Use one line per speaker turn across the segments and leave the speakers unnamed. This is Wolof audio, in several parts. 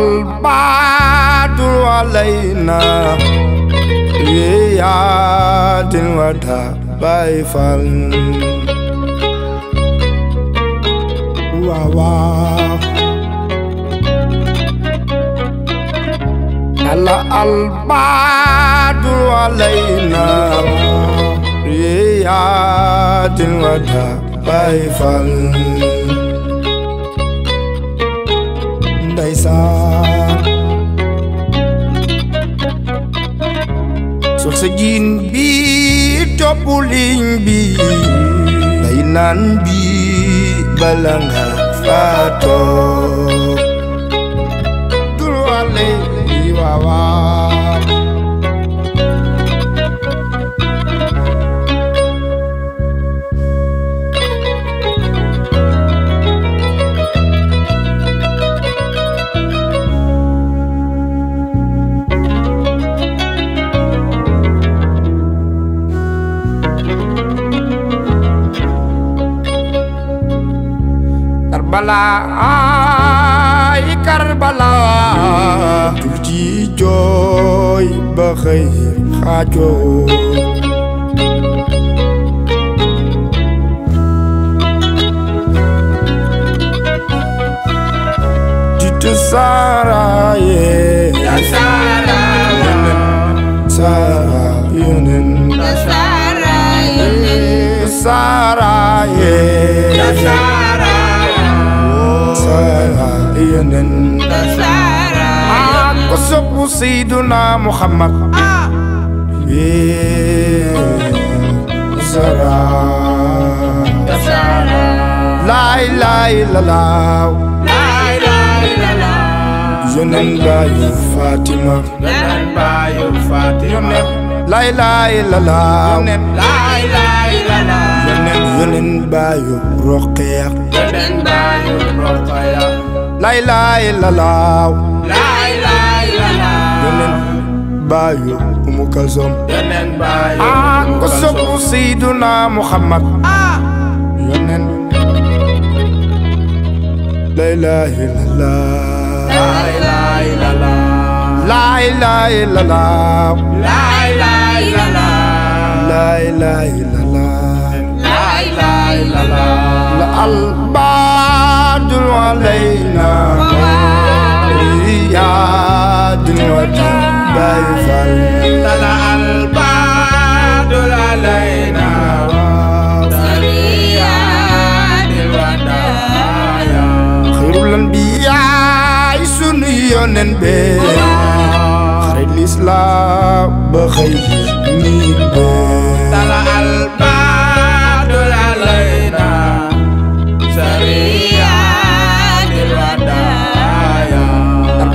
البعد علينا ليعاد وتبايفا البعد علينا ليعاد وتبايفا Kaisar sur sa bi topp bi lainan bi balang fato faatoo dul wàlle Karbala ay Karbala jug Joy jooy ba xëy xaajoo jitu Sara yee ya Sara Sara yónent Sara ye? Sara yee ينن وسب سيدنا محمد سرا لا لا لا لا ينن بايو فاطمة ينن بايو فاطمة لا لا لا لا yonen baayu roqeeq yonen baayu roqeeq lay lay lalaaw lay lay lalaaw yonen baayu umu kalsom yonen baayu ah ko sopp sayyiduna muhammad ah yonen lay lay la lay lay lalaaw lay lay lalaaw lay lay la lay lay la إلا الله البعد علينا رياد وجبايفا طلع البعد علينا خير الأنبياء سنيون بي خير الإسلام بخير نيبي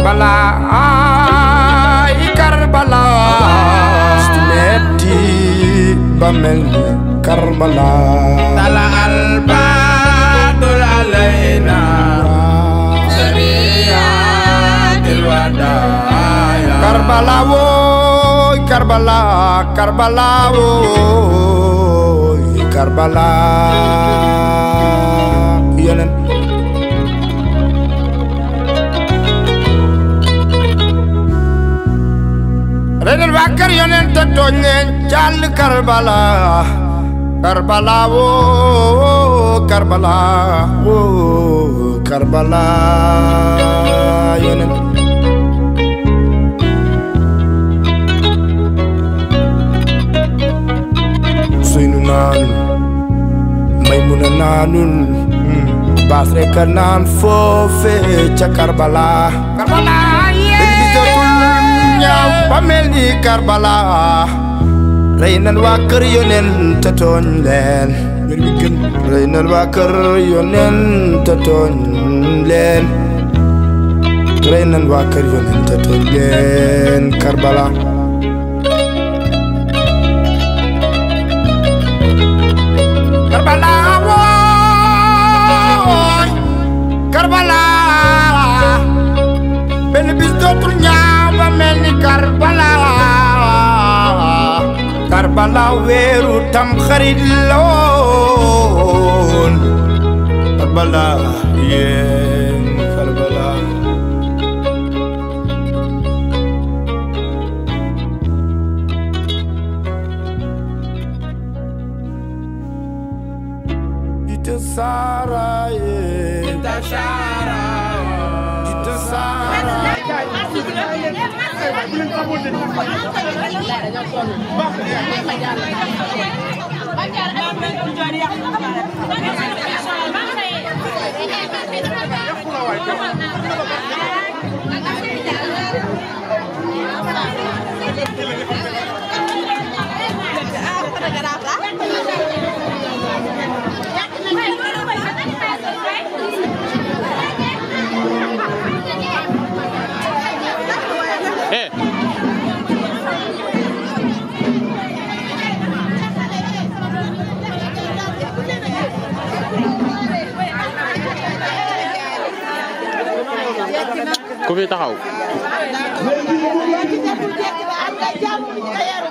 Karbala ay Karbala Stumeti bamel Karbala Tala dul alaina
Sariyatil
wada Karbala wo Karbala Karbala wo Karbala Karbala iya, bakar yonent toñe jàll karbala karbala wo karbala wo karbala yonent suynu naanul maymuna naanul baas rekk naan foofe karbala karbala bàmmeel Karbala rey nan waa kër yóneen te tooñ leen rey nan waa kër yóneen te tooñ leen rey nan Karbala la veru tam xarit la woon balaa
bu leen saboté baax
ku tá, fi né?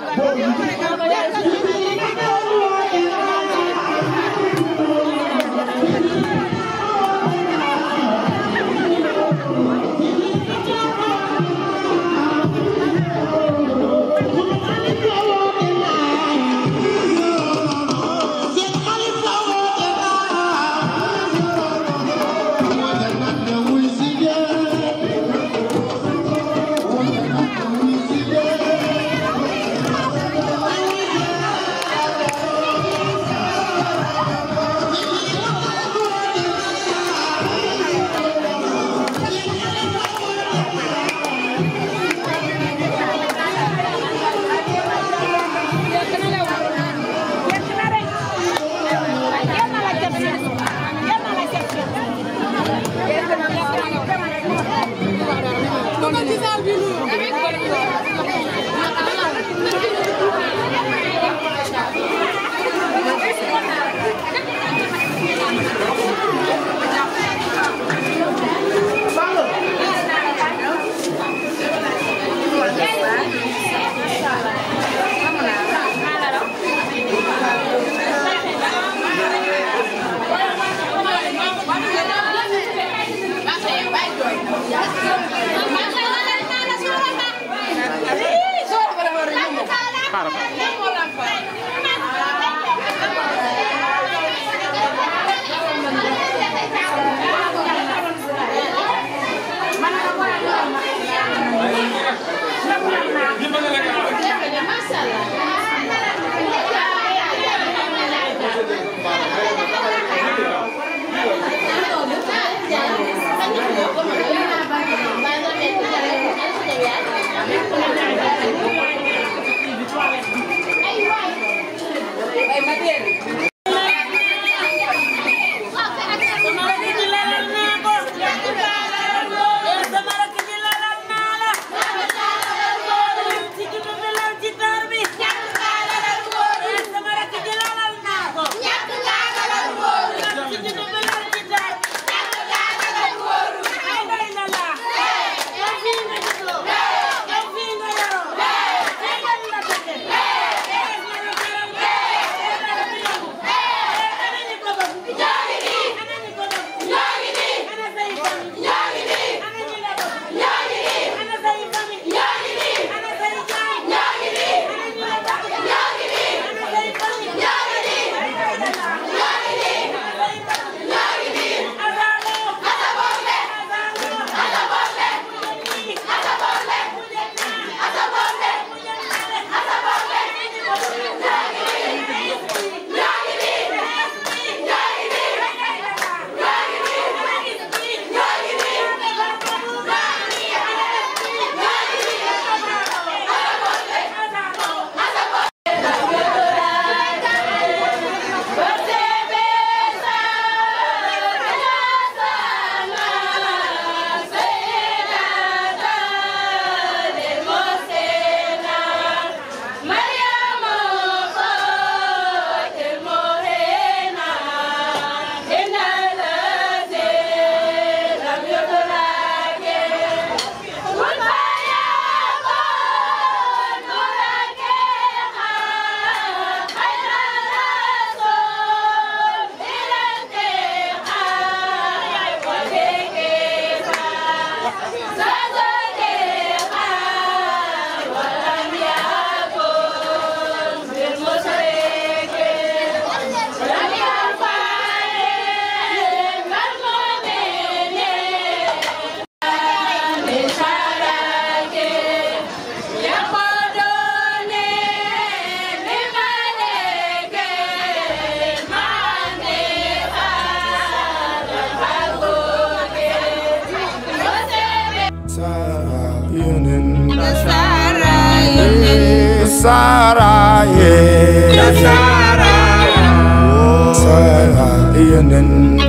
yeneen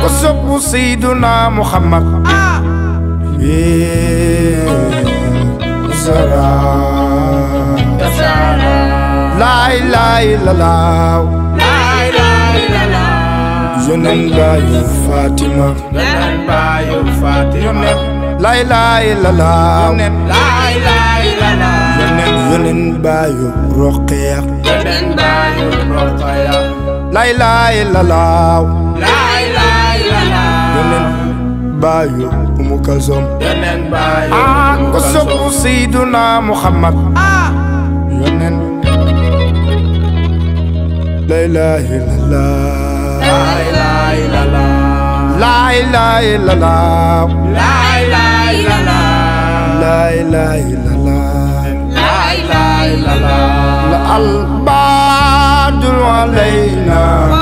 ko sopp Seydina Muhammad sara laay laay lalaaw yeneen baayu Fatima laay laay lalaaw yeneen baayu Roqeya laay laay lalaaw. laay Marlena.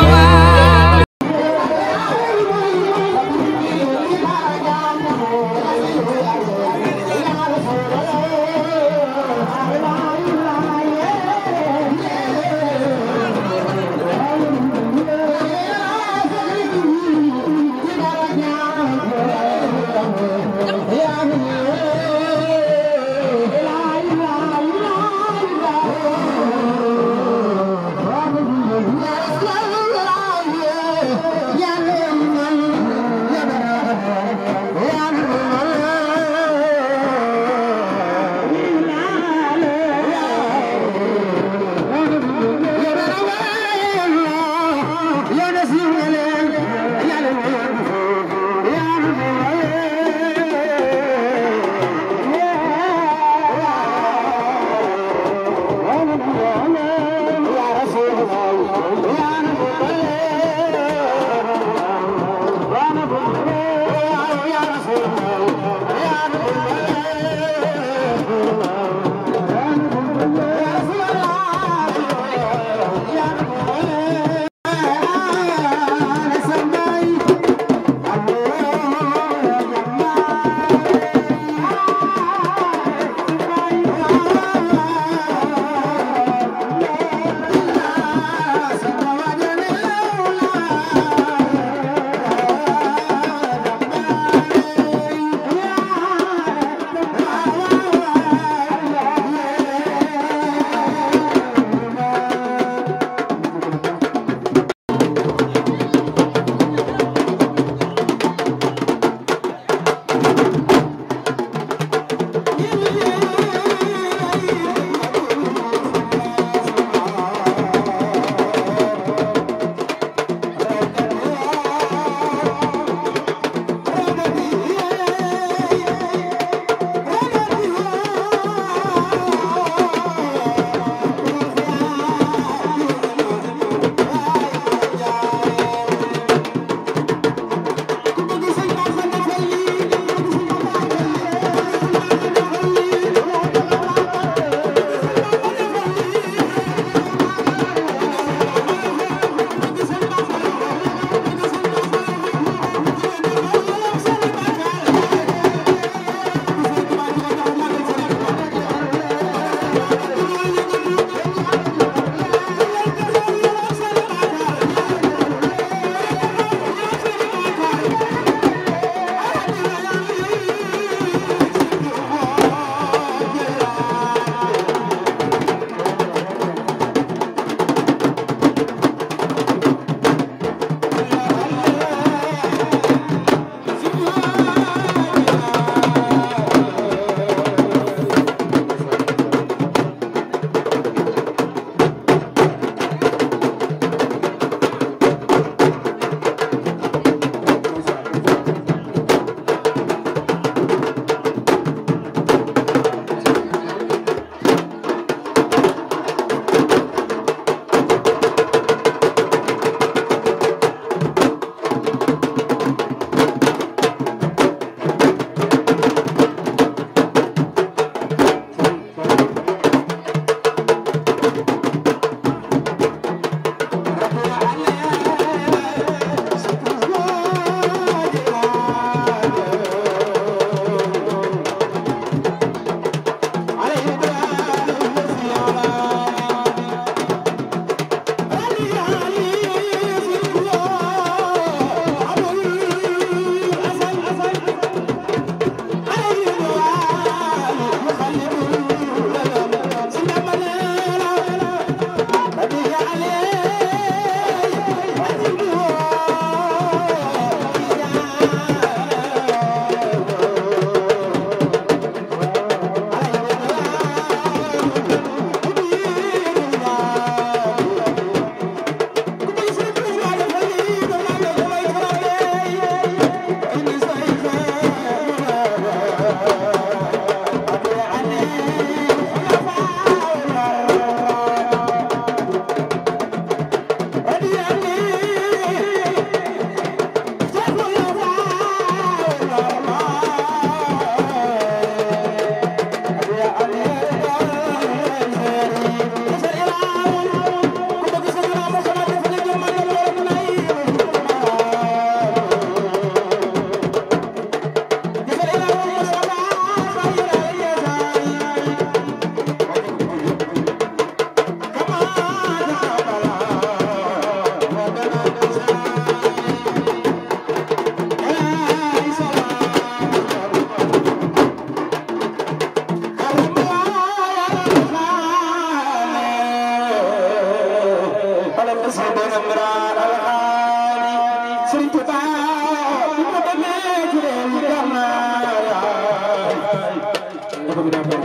Thank you.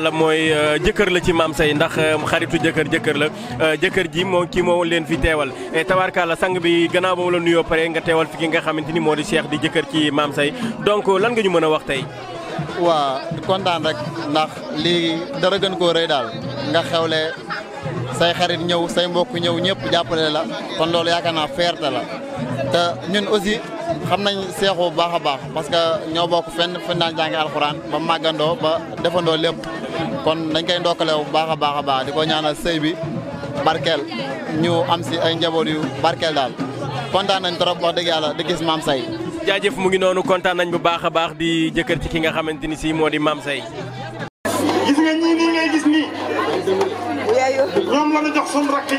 yàlla mooy euh, jëkkër la ci maam say ndax euh, xaritu jëkkër jëkkër la euh, jëkkër ji moo kii moo leen fi teewal la sang bi gannaaw ba mu la nuyoo pare nga teewal fi ki nga xamante ni moo di Cheikh di jëkkër ci maam say donc lan nga ñu mën a wax tey. waa kontaan rek ndax lii dara gën koo rëy daal nga xewle say xarit ñëw say mbokk ñëw ñëpp
jàppale la kon loolu yaakaar naa fierté la te ñun aussi. xamnañ cheikhou bu baax a baax parce que ñoo bokk fenn fenn daan jànge alxuraan ba màggandoo ba defandoo lépp kon dañ koy ndokkale bu baax a baax a baax di ko ñaanal sëy bi barkeel ñu am si ay njaboot yu barkeel daal kontaan nañ trop wax dëgg yàlla di gis maam say
jaajëf mu ngi noonu kontaan nañ bu baax a baax di jëkkër ci ki nga xamante ni si moo di maam say
gis nga ñii nii ngay gis nii ñoom la jox rakk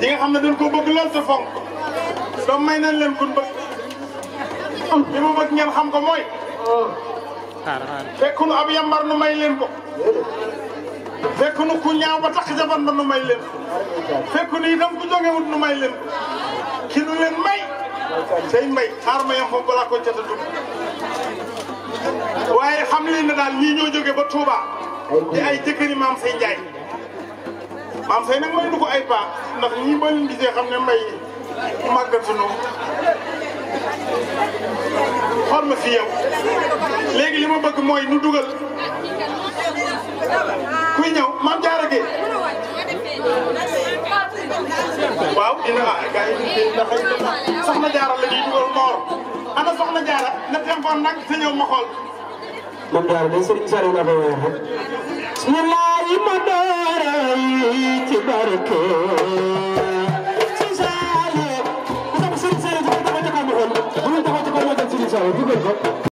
yi nga xam ne dañ ko bëgg lool te fonk may nañ leen kun bëgg li mu bëgg ngeen xam ko mooy. fekk ab yambar nu may leen ko. fekk nu ku ñaaw ba takk may leen ko. fekk nu itam wut nu may leen ko. ki nu leen may. say mbay xaar ma yem foofu balaa ko jot a dugg. waaye xam leen ne daal ñii ñoo jóge ba Touba. di ay jëkkëri maam say njaay. maam say nag may du ko ay paa ndax ñi ba leen gisee xam ne mbay màggatunu. xool ma fi yow léegi li ma bëgg dugal kuy ñëw soxna jaara la dugal noor ana soxna jaara na tempoon nag te ma xool. maam
jaara 我如会说。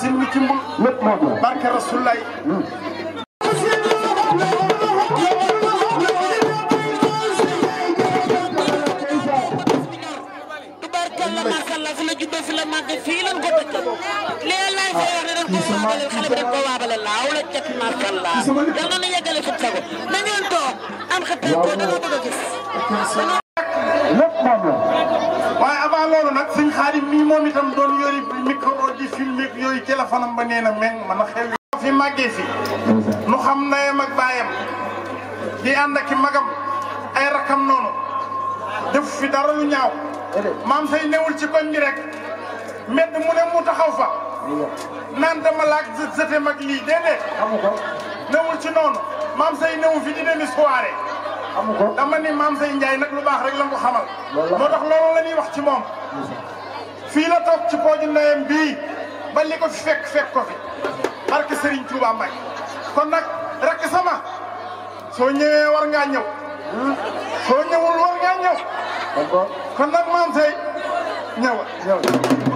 silmi cimbul lépp moom la barke rasulullah hmm. dara lu ñaaw. maam say newul ci koñ bi rek. mbedd mu ne mu taxaw fa. naan dama laaj zëte mag lii déedéet. newul ci noonu. maam say newu fi di demee soirée. dama ni maam say Ndiaye nag lu baax rek la ko xamal. moo tax loolu la ñuy wax ci moom. fii la toog ci pooju ndeyam bii ba li ko fi fekk fekk ko fi barke Serigne Touba Mbaye kon nag rakk sama soo ñëwee war ngaa ñëw hmm? soo ñëwul war ngaa ñëw. d'accord kon nag maam say ñëwal ñëwal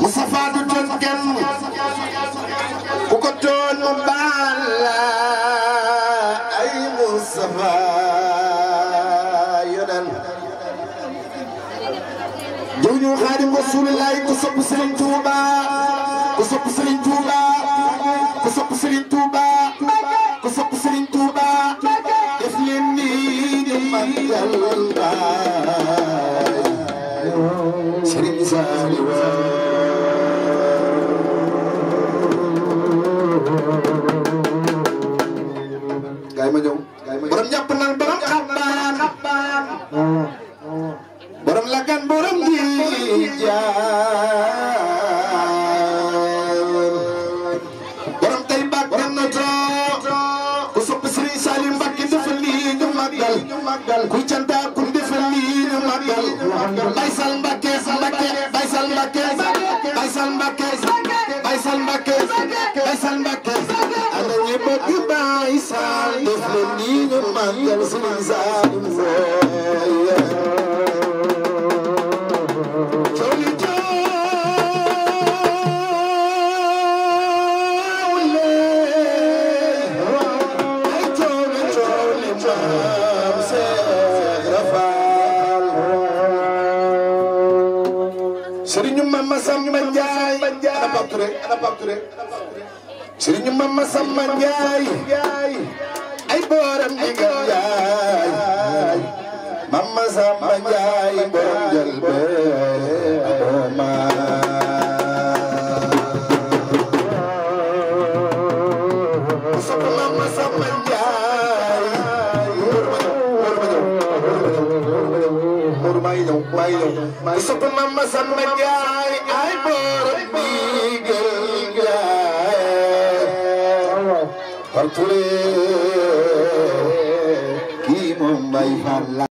Mustafa du tooñ kenn ku ko tooñ mu baal la ay Mustafa yonen jëw ñu Xaadim Rasulillahi ku sopp Serigne Touba ku sopp Serigne Touba ku sopp Serigne Touba borom di jaar borom tay bak borom na too ku sopp Serigne Salim Mbacké defal lii ñu màggal ku canta ku defal lii ñu màggal Baye Sall Mbacké Mbacké Baye Sall Mbacké Baye Sall Mbacké Baye Sall Mbacké Baye Sall Mbacké ana ñi bëgg Baye Sall defal lii ñu màggal Serigne Salim ana Pape Touré sëriñ Mama Samba Ndiaye ay booram di nga Ndiaye Mama Samba Ndiaye borom jël bee ma maa ngi ñëw maa ngi ñëw. maa ngi sopp Mama Samba ture kii moom mbay Fall la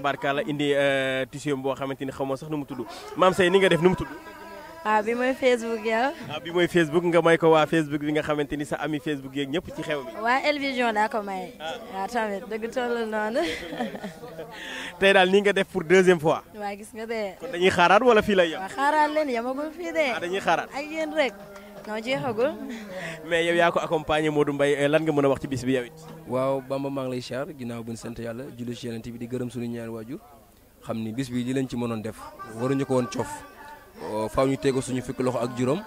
tabarkaala indi euh, tissu boo xamante ni xamoo sax nu mu tudd maam say ni nga def nu mu tudd.
waaw ah, bi mooy Facebook ya waaw ah,
bi mooy Facebook nga may ko waa Facebook bi nga xamante sa ami Facebook yeeg ñëpp ci xew mi.
waa Elvision daa ko may. waaw ah, tamit dëgg noonu.
tey daal nii nga def pour deuxième fois.
waa gis nga de. kon
dañuy xaaraat wala fii lay yem.
waaw xaaraat leen yamagul dañuy xaaraat ak yéen rek. non
mais yow yaa ko accompagné du mbay euh, lan nga mën a wax ci bis bi yow it. waaw Bamba maa ngi lay siyaar ginnaaw bu ñu sant yàlla julli ci Yonent bi di gërëm suñu ñaari waajur xam ni bis bi di leen ci mënoon def waruñu ko woon coof faaw ñu teego suñu fukki loxo ak juróom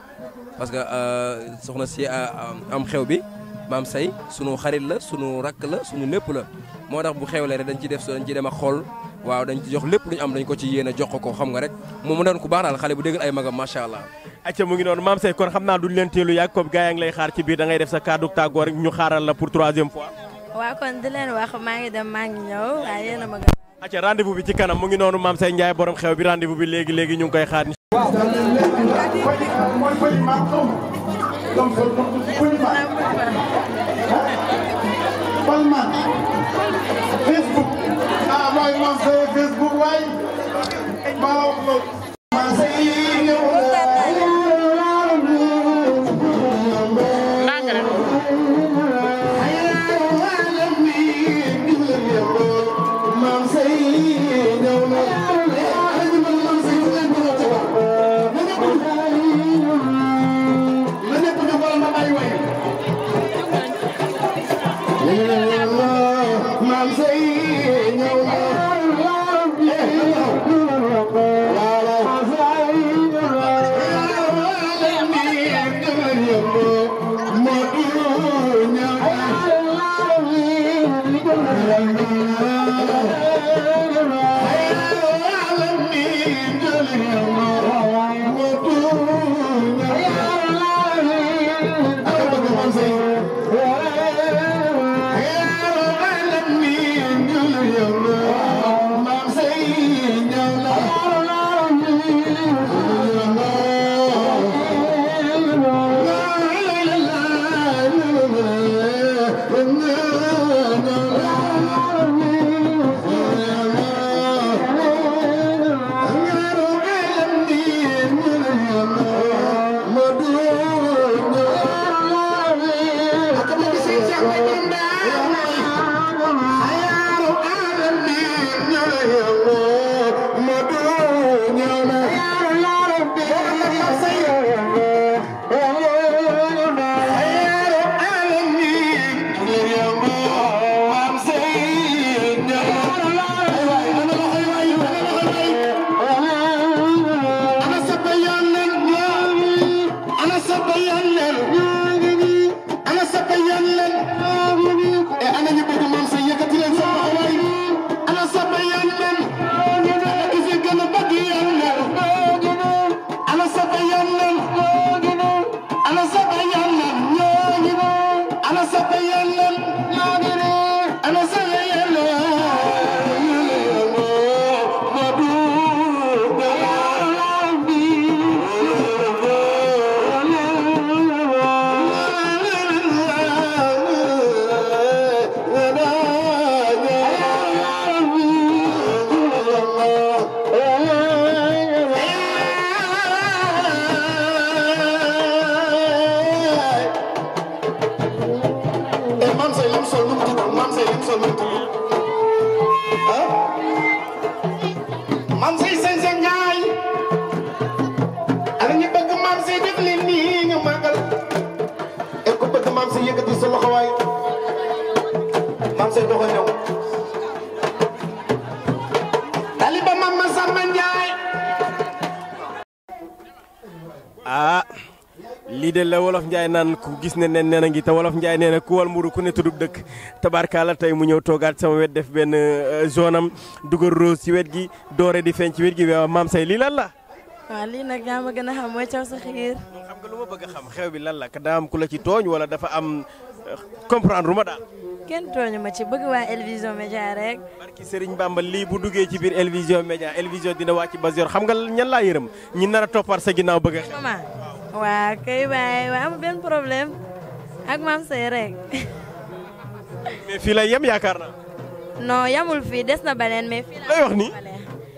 parce que euh, soxna si euh, am xew bi. maam say sunu xarit la sunu rakk la sunu lépp la moo tax bu xewlee rek dañ ci def so dañ ci dem ak xool waaw dañ ci jox lépp lu ñu am dañ ko ci yéene jox ko xam nga rek moom mu doon ku baax daal xale bu déggal ay magam macha allah acca mu ngi noonu maam say kon xam naa duñ leen teelu yàgg comme gaa yaa ngi lay xaar ci biir da ngay la pour troisième fois
waaw kon di ngi dem maa ngi ñëw a ma gën
acca rendez bi ci kanam mu ngi noonu maam say Ndiaye borom xew bi rendez-vous bi léegi léegi ñu ngi koy xaar ni
palman facebook ah waay man see facebook waay maa wax loolu man see ñëw
naan ku gis ne nen nen a ngi te wolof Njaay nee na ku wal mburu ku ne tuddub dëkk tabarkaala tey mu ñëw toogaat sama wet def benn euh, zone am dugal rose ci wet gi doore di feeñ ci wet gi waaw maam say lii lan la.
waaw lii nag yaa ma gën a xam mooy caw sa xiir. xam
nga lu ma bëgg a xam xew bi lan la daa am ku la ci tooñ wala dafa am euh, comprendre lu ma daal.
kenn tooñu ma ci bëgg waa Elvision Média rek.
barki Serigne Bamba lii bu duggee ci biir Elvision Média Elvision dina wàcc ba zéro xam nga ñan laa yërëm ñi nar a toppaat sa ginnaaw bëgg
waa kay baay waaye amul benn problème ak maam sey rek.
mais fii lay yem yaakaar na
non yamul fii des na beneen mais. fii lay wax nii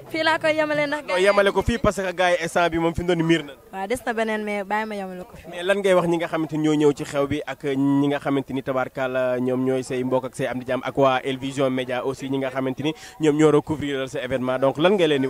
fii laa koy yemale ndax.
gars yemale ko fii parce que gars yi bi moom fi mu doon miir na.
waaw des na beneen mais bàyyi ma yemale ko
fii. mais lan ngay wax ñi nga xamante ni ñoo ñëw ci xew bi ak ñi nga xamante ni tabaarkalla ñoom ñooy sey mbook ak say am di jàmm ak waa El Vision aussi ñi nga xamante ni ñoom ñoo recouvrir sa événement donc lan ngay leen di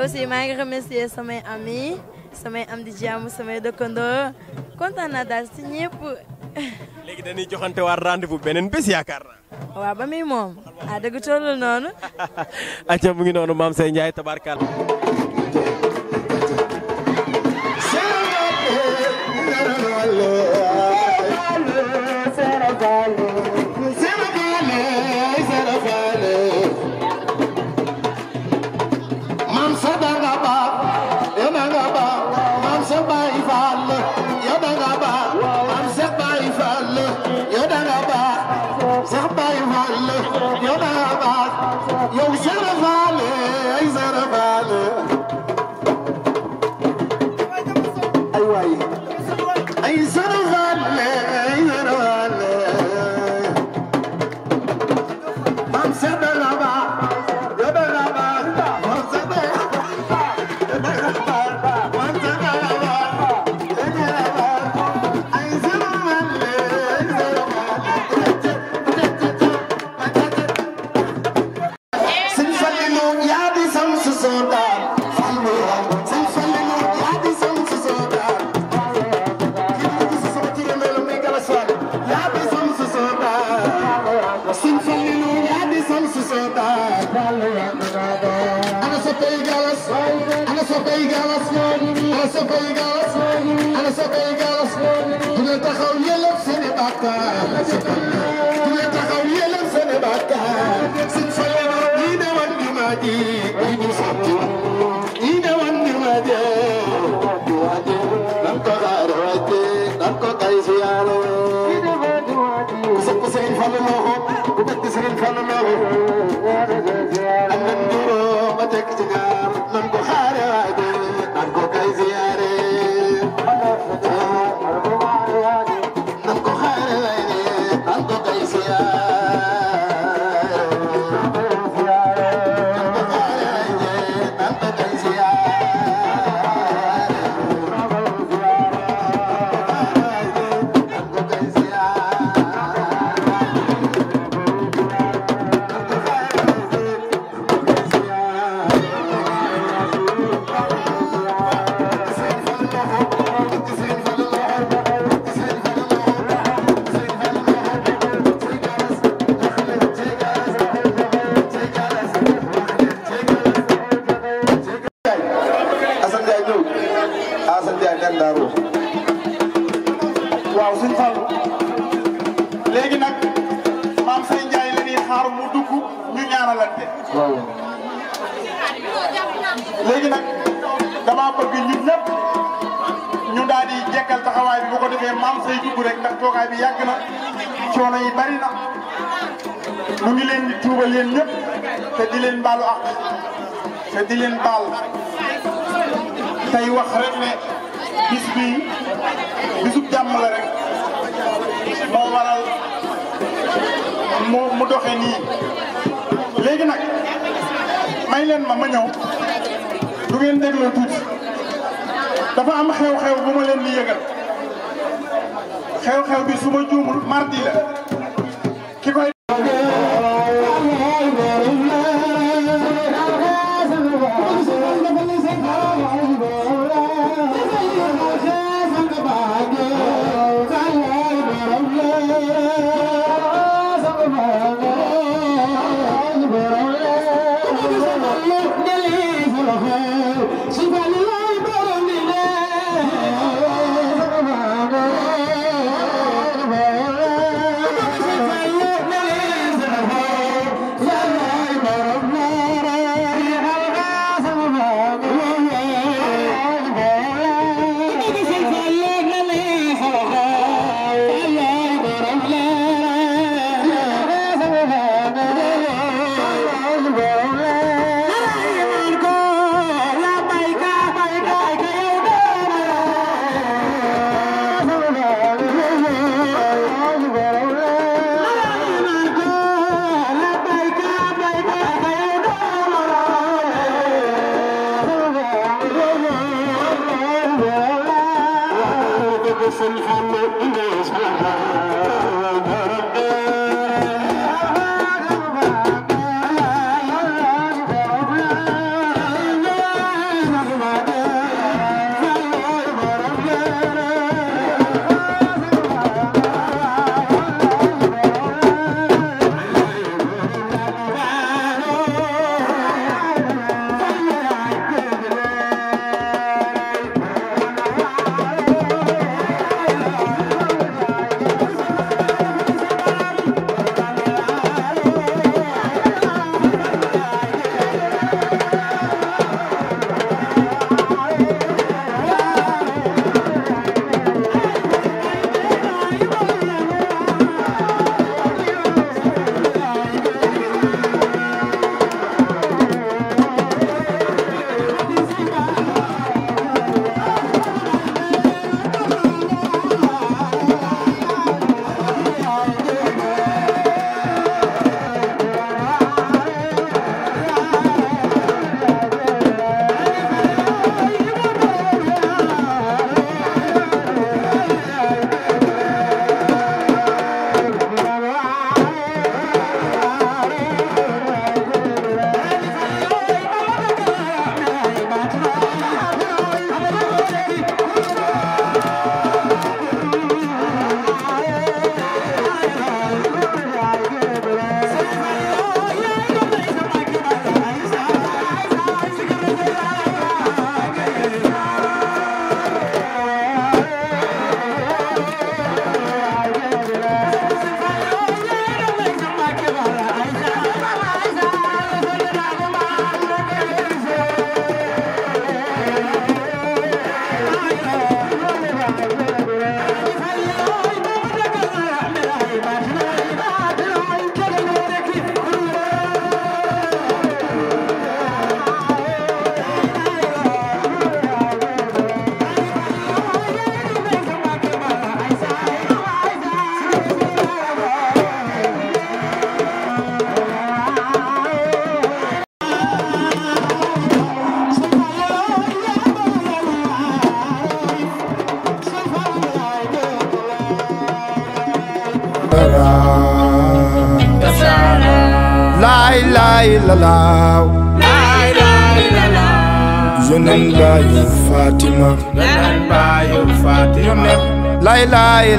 aussi maa ngi remercier samay amis samay am di jàmm samay dëkkandoo kontaan naa daal si ñëpp.
léegi dañuy joxante waat rendez-vous beneen bés yaakaar naa.
waaw ba muy moom. ah dëgg tollul noonu.
acca mu ngi noonu maam Sey Ndiaye
tabarkaal.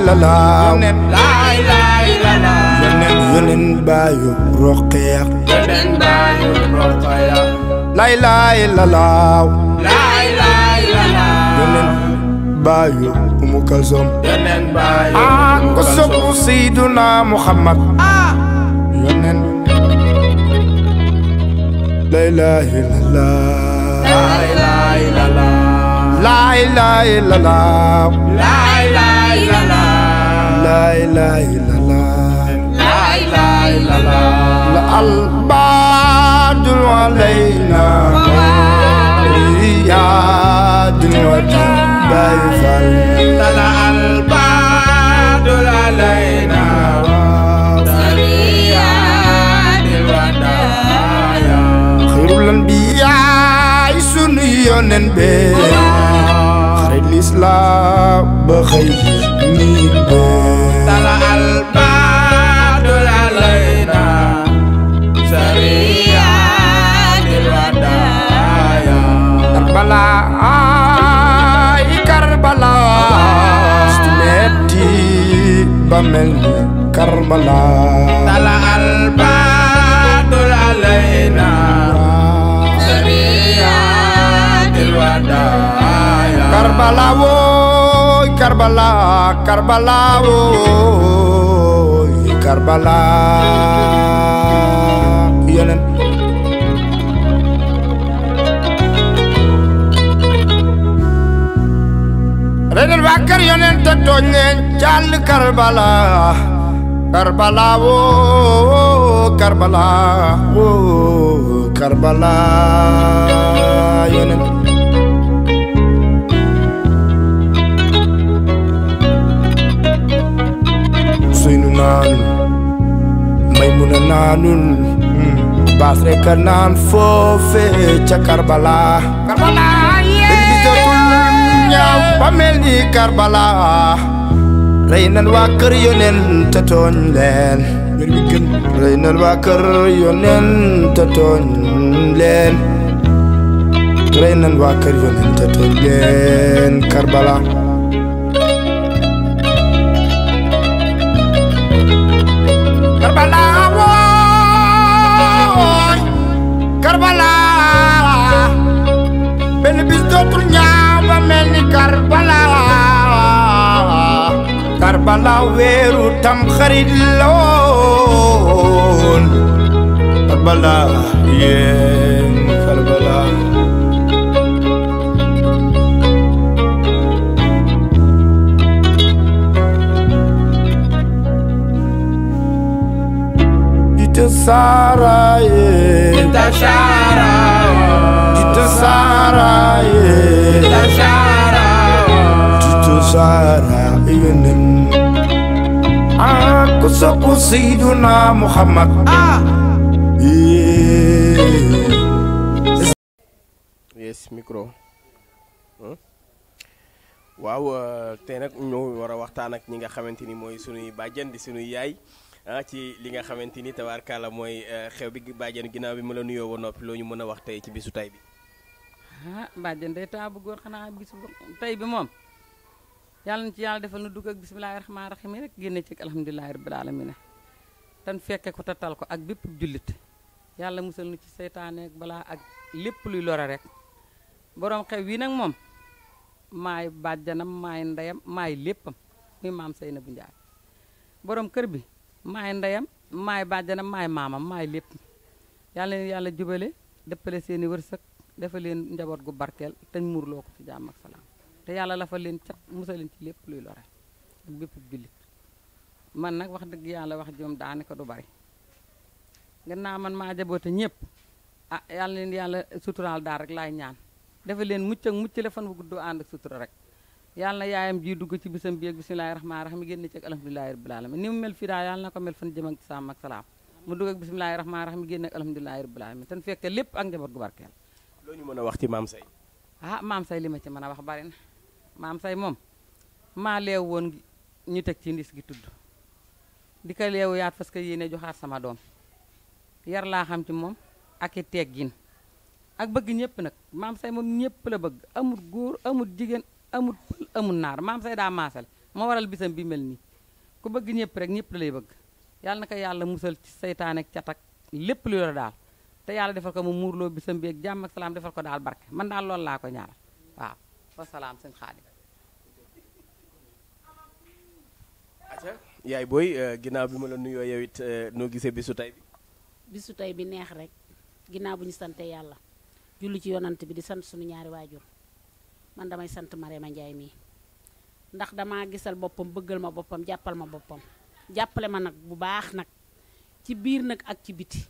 la la yonen baayu roqeex lay lay la لا إله إلا الله لا إله إلا الله الألباد علينا رياد وجبايف الألباد علينا خير الأنبياء سنيون بي خير الإسلام بخير نيبي Karbala ay Karbala Stumeti bamel Karbala Tala albadul alaina Sariyatil wada Karbala woy Karbala Karbala woy Karbala Karbala iya, bakkar yonente doññeeñ jàll karbala karbala wo karbala wo karbala yonen suynu naanul maymuna naanul hmm. baas rekk naan foofe ca karbala bàmmeel yi Karbala rey nan waa kër yóneen te tooñ leen rey nan waa kër yóneen te tooñ leen rey nan waa kër yóneen Karbala Karbala weeru tam xarit yeah. woon Karbala yéen Karbala Dita Sara yéen Dita Sara Dita Sara yéen
Dita Sara
Dita Sara yéen ah ku sopp Seydina Muhammad ah
yes micro hmm? waaw euh, tey nag ñoo war a waxtaan ak ñi nga xamante ni mooy sunuy bàjjan di sunuy yaay ah ci li nga xamante ni tabaarkàlla mooy euh, xew bi bàjjen ginnaaw bi ma la nuyoo ba noppi loo ñu mën a wax tey ci bisu tay bi
ah bàjjen day temps bu góor xanaa bisu tay bi moom yalla na ci yàlla defal nu dugg ak bisimilahi rahmaani rahim rek genn ci alhamdulilahi rabbil alamin tan fekke ko tatal ko ak bepp julit yalla musal nu ci setané ak bala ak lepp luy lora rek borom xew wi nak mom may badjanam may ndayam may leppam muy mam sayna bu ndiar borom keur bi may ndayam may badjanam may mamam may lepp yalla leen yalla jubale deppale seeni wërsëg defaleen njabot gu barkel te murlo ko ci jàmm ak salam te yàlla la fa leen cat musa ci lépp luy lore ak bépp jullit man nag wax dëgg yàlla wax jom daanaka du bari naa man maa jaboote ñëpp a ah, yàlla leen yàlla suturaal daal rek laay ñaan defe leen mucc ak mucc la fan bu guddoo ànd ak sutura rek yàlla na yaayam ji dugg ci bisam bi ak bisimilahi rahmaani rahim génn ci ak alhamdulilahi rabbil alamin ni mu mel fii daal yàlla na ko mel fan jëm ak sàmm ak salaam mu dugg ak bisimilahi rahmaani rahim génn ak alhamdulilahi rabbil fekke lépp ak njaboot b barkeel
a wax ci maam say
ah maam say li ma ci mën a wax bari na maam say mom, ma lew won ñu tek ci ndis gi tudd di ko leewu yaat parce que yene joxat sama dom yar la xam ci mom, ak teggin ak bëgg ñepp nak maam say mom ñepp la bëgg amul goor amul jigen amul pul amul nar maam say da masal mo waral bisam bi melni ku bëgg ñepp rek ñepp la lay bëgg yalla na yalla yàlla musal ci setan ak cat ak lépp lu yor dal te yalla defal ko mu murlo bisam bi ak jam ak salam defal ko dal barke man dal loolu la ko ñaaral waaw salam seigne khadim
yaay booy euh, ginnaaw bi ma la nuyoo yow it euh, noo gisee bisu
tey bi. bisu tey bi neex rek ginnaaw bu ñu santee yàlla julli ci yonant bi di sant suñu ñaari waajur man damay sant Marème Ndiaye mii ndax dama gisal boppam bëggal ma boppam jàppal ma boppam jàppale ma nag bu baax nag ci biir nag ak ci biti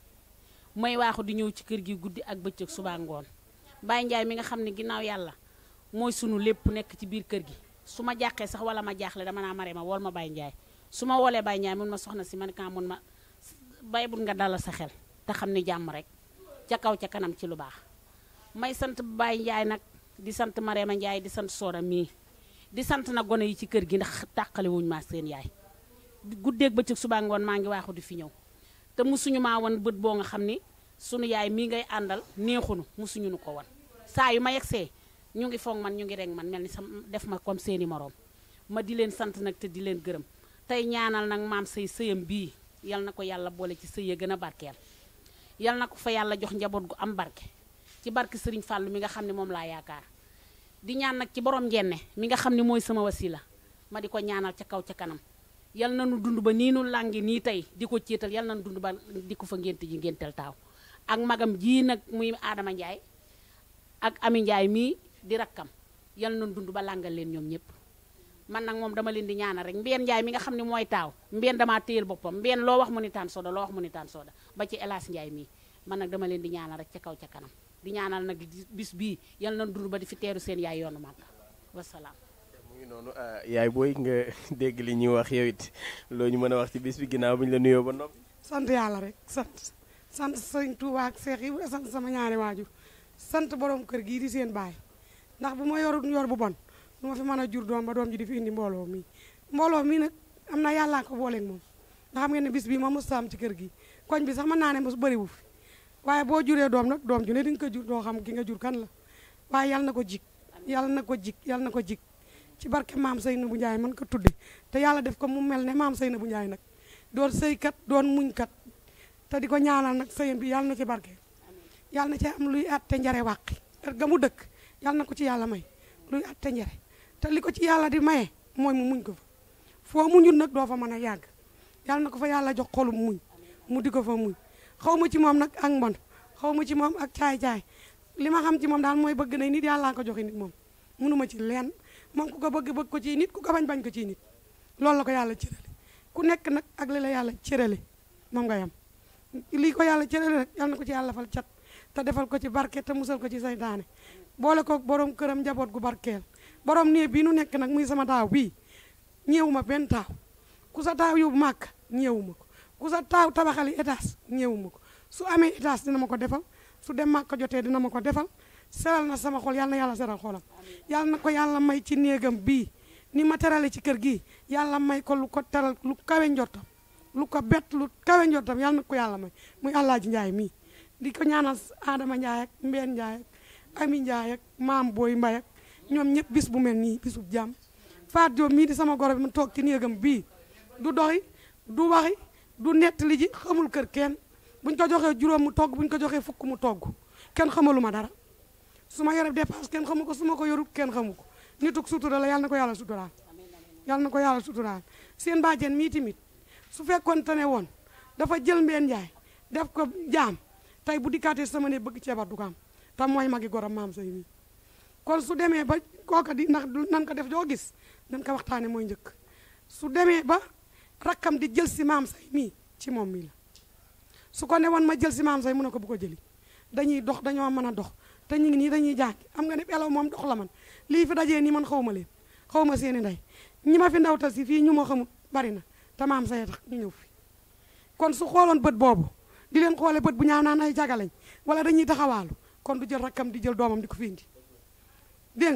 may waaxu di ñëw ci kër gi guddi ak bëccëg suba ngoon Baye Ndiaye mi nga xam ne ginnaaw yàlla mooy sunu lépp nekk ci biir kër gi. su ma jàqee sax wala ma jaaxle dama naa mare ma wool ma Baye Ndiaye su ma woolee Baye Ndiaye mun ma soxna si man kaa mun ma bay bul nga dalal sa xel te xam ni jàmm rek ca kaw ca kanam ci lu baax may sant Baye Ndiaye nag di sant ma Ndiaye di sant Soda mii di sant na gone yi ci kër gi ndax tàqale wuñu maa seen yaay guddeeg bëccëg subaa ngoon maa ngi waaxu di fi ñëw te musuñu maa woon bët boo nga xam ni sunu yaay mii ngay àndal neexunu musuñu nu ko wan saa yu ma ñu ngi foog man ñu ngi rek man mel ni sam def ma comme seeni moroom ma di leen sant nag te di leen gërëm tey ñaanal nag maam sëy sëyam bii yal na ko yàlla boole ci sëy ya gën a barkeel yal na ko fa yàlla jox njaboot gu am barke ci barke Sëriñ Fàllu mi nga xam ne moom laa yaakaar di ñaan nag ci borom njenne mi nga xam ne mooy sama wasila ma di ko ñaanal ca kaw ca kanam yal na nu dund ba nii nu làngi nii tey di ko céetal yal na nu dund ba di ko fa ngént ji ngéntel taaw ak magam nag muy Ndiaye di rakam yalla nañ dund ba langal leen ñom ñëpp man nak mom dama leen di ñaanal rek mbien jaay mi nga xamni moy taw mbien dama teyel bopam mbien lo wax mu ni soda lo wax mu ni soda ba ci elas jaay mi man nak dama leen di ñaanal rek ci kaw ci kanam di ñaanal nak bis bi yalla nañ dund ba di fi teru seen yaay yoonu màkk wasalaam ngi noonu ah,
yaay boy nga deg li ñuy wax yow it lo ñu mëna wax ci bis bi ginaaw buñ la nuyo ba nopp
sant yalla
rek sant sante sëñ touba ak cheikh yi sant sama ñaari waju sant borom kër gi di seen baye ndax buma ma yor bu bon duma fi mën jur doom ba doom ji di fi indi mbolo mi mbolo mi nak amna na yàllaa ko booleeg mom ndax xam ngeen bis bi ma musta am ci kër gi koñ bi sax mën naa ne bari wu fi waaye boo juree doom nak doom ju ne ding ko jur do xam ki nga jur kan la waye yalla na ko jik yalla na jik yalla na jik ci barke maam bu Ndiaye man ko tudde te yalla def ko mu mel mam maam bu Ndiaye nak doon kat doon muñkat te di ko ñaanal nak sëyam bi yalla na ci barke yalla na ci am luy atté te njare wàqi yal na ko ci yalla may luy atte njare te liko ci yalla di maye moy mu muñ ko fa mu ñun nak do fa mëna yag yal na ko fa yalla jox xolum muñ mu diko fa muñ xawma ci mom nak ak mbon xawma ci mom ak tay tay li ma xam ci mom dal moy bëgg na nit yalla ko joxe nit mom mënuma ci lén moom ku ko bëgg bëgg ko ci nit ku ko bañ bañ ko ci nit lool la ko yàlla cërale ku nekk nak ak la yàlla cërale mom nga yam lii ko rek yal na ko ci yalla fal cat ta defal ko ci barké ta musal ko ci saytane boole kook boroom këram njaboot gu barkeel borom néeg bii nu nekk nag muy sama taaw bii ñëwu ma benn taaw ku sa taaw yóbbu màkk ñëwu ma ko ku sa taaw tabaxali étage ñëwu ma ko su amee étage dina ma ko defal su dem màkk jotee dina ma ko defal seral na sama xol yàlla na yàlla seral xolam yàlla na ko yàlla may ci néegam bii ni ma terale ci kër gi yàlla may ko lu ko teral lu kawe njortam lu ko bett lu kawe njortam yàlla na ko yàlla may muy Alaaji Njaay mii di ko ñaanal Adama Njaay ak Ami Ndiaye ak mam Boy mbay ak ñom ñep bis bu melni bisub jam Faat jom mi di sama gorob mu tok ci néegam bi du doy du waxi du nettali ji xamul kër ken buñ ko joxe juroom mu togg buñ ko joxe fukk mu togg ken xamalu ma dara suma yarab yoreb ken xamuko suma ko su ken xamuko nituk sutura la yalla nako yalla sutura yalla nako yalla sutura yàlla suturaal seen bàjjen mii tamit su fekkon tane won dafa jël mbeen njaay def ko jam tay bu dikkaatee sama ne bëgg ci du ko te mooy magi goram mam say ni kon su deme ba koka di nak nan ko def joo gis nan ko waxtane moy rakam su deme ba rakam di jël ci maam say mi ci mom mi la su ko newon ma jël ci maam say mu ne ko bu ko jëli dañuy dox dañu mëna dox te ñu ni dañuy jaak am nga ne elaw mom dox la man li fi dajee ni man xawma ma leen xaw ma seeni ñi ma fi ta ci fi ñu mo xamu bari na ta mam say tax ñu ñew fi kon su xolon beut bobu di len xolé beut bu ñaaw ay jagalañ wala dañuy taxawalu kon du jël rakam di jël domam di fi indi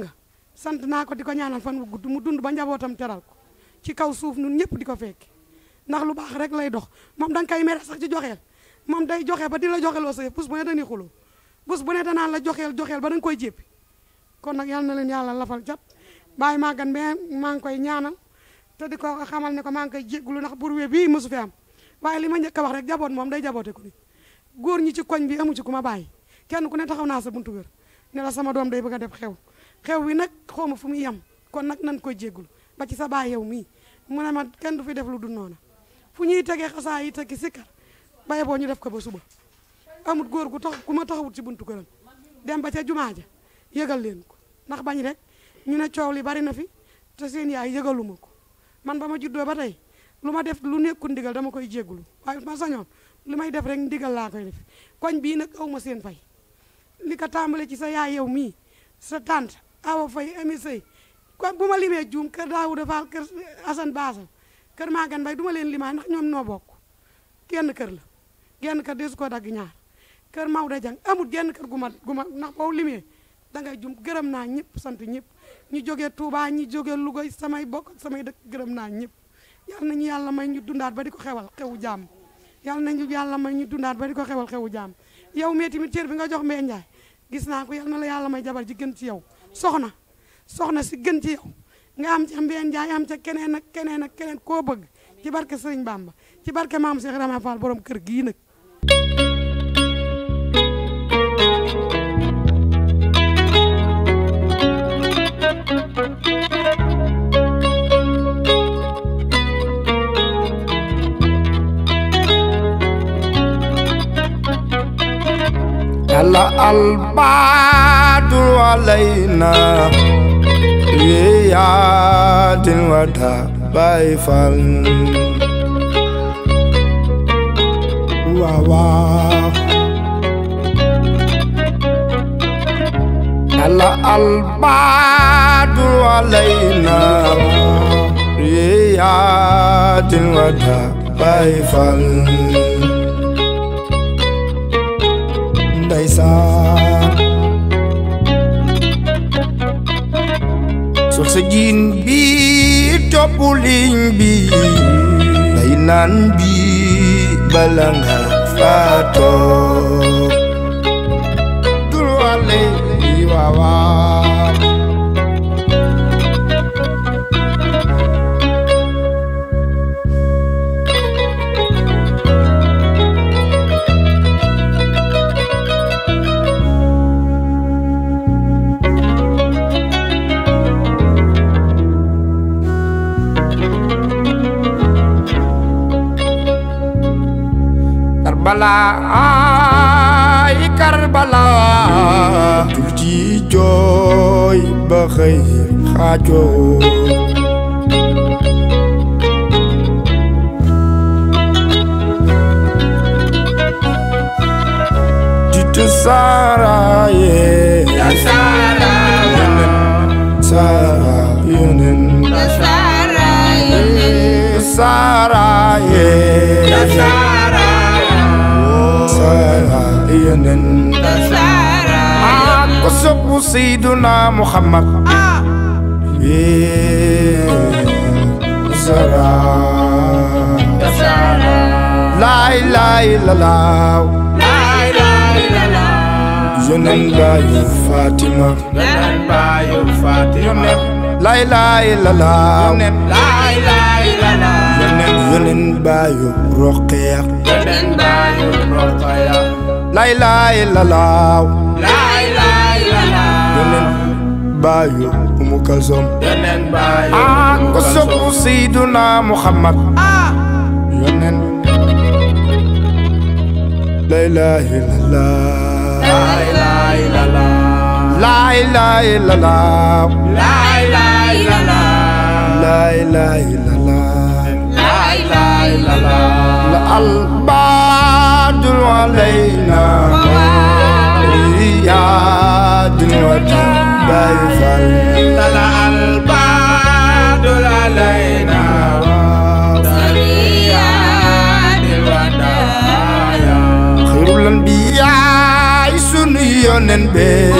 sant ko di ñaanal fan wu gudd mu dund ba njabotam teral ko ci kaw suuf nun ñepp di fekk ndax lu baax rek lay dox mom dang kay mere sax ci joxeel mom day joxe ba di la joxeloo lo yëf bus bu ne dañuy xulu bus bu ne dana la joxeel joxeel ba dang koy jep kon nak yal na len yalla lafal bay ma gan mais ma ng koy ñaanal te di xamal ne ko ma ng koy nak bur we bi musu fi am waye li ma ñëk wax rek jabot mom day jaboote ko ni góor ñi ci koñ bi amu ci kuma baye kenn ku ne taxaw na sa buntu wér ne la sama dom day bëgg def xew xew wi nak xoma fu mu yam kon nak nan ko jéggul ba ci sa ba yow mi mu ne ma kenn du fi def lu du fu ñuy xasa yi sikkar baye bo ñu def ko ba suba amut goor gu tax kuma taxawut ci buntu këram dem ba ca jumaa ja yegal leen ko nak bañ rek ñu ne ciow li bari na fi te seen yaay yegaluma ko man bama juddo ba tay luma def lu nekkul ndigal dama koy jéggul waaye ma sañoon limay def rek ndigal laa koy def koñ bii nag seen fay li ko tàmbale ci sa yaay yow mi sa tante awa fay émissey ko buma limé djum juum kër Daawuda Faal kër Asan Baasal kër Magan Mbay du ma leen ndax ñom no bok kenn kër la genn kër des ko dag ñaar kër mawda Jang amut genn kër guma guma gu ma ndax da ngay jum gërëm na ñepp sant ñepp ñu joggé Touba ñu jógee Louga samay bok samay dekk gërëm na ñepp yalla nañu yalla may ñu dundaat ba diko xewal xewu jam yalla nañu yalla may ñu dundaat ba diko xewal xewu jam yow mi cër bi nga jox me ñay gis naa ko yal na la yàlla may jabar ji gën ci yow soxna soxna si gën ci yow nga am ca mbeen jaay am ca keneen ak keneen ak keneen koo bëgg ci barke Sëriñ Bamba ci barke maam Cheikh Rama Fall borom kër gii nag
هلا
البعد علينا ليات وتبايفا واوا هلا البعد علينا ليات وتبايفا ได้สาสุขสยินบีจบบุลิงบีในนั้นบีบาลังหักฟาโตตุลวาเลบีวาวา Bala ay Karbala jug joy, jooy ba xëy xaajoo jitu Saaraa yee ya Saaraa yeneen Saaraa yeneen Saaraa yee Saaraa yee سارة ينن قصب سيدنا محمد سارة لا إله إلا الله ينن بايو فاطمة ينن بايو فاطمة لا إله إلا الله لا إله إلا الله ينن بايو رقيق ينن بايو La ilaha illallah La ilaha illallah Yonen bayo Umu Kalsom Yonen
bayo Ako sobu
Sayyiduna Muhammad Yonen La ilaha illallah
La ilaha illallah
La ilaha illallah La ilaha illallah La ilaha illallah La ilaha illallah La la illallah علينا إياد وجبايفا طلع البعد علينا خير الأنبياء سنيون بي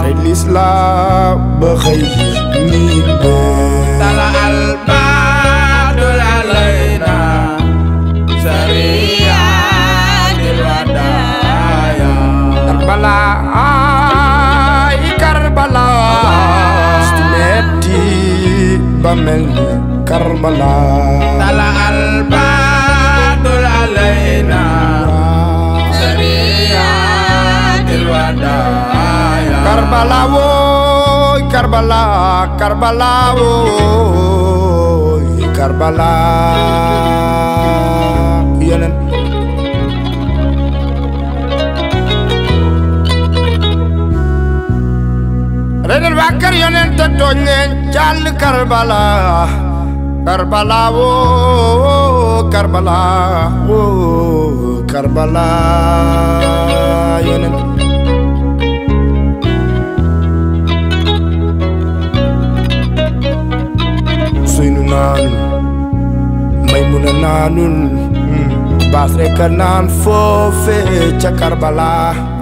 خير الإسلام بخير مين بي Karbala ay Karbala Stumeti bamel Karbala Tala dul alaina Sariyatil wada Karbala wo Karbala Karbala wo Karbala Karbala iya, bakar yonent doñe jall karbala karbala wo karbala wo karbala yonent suynu naanul maymuna naanul hmm, baas rek naan foofe ca karbala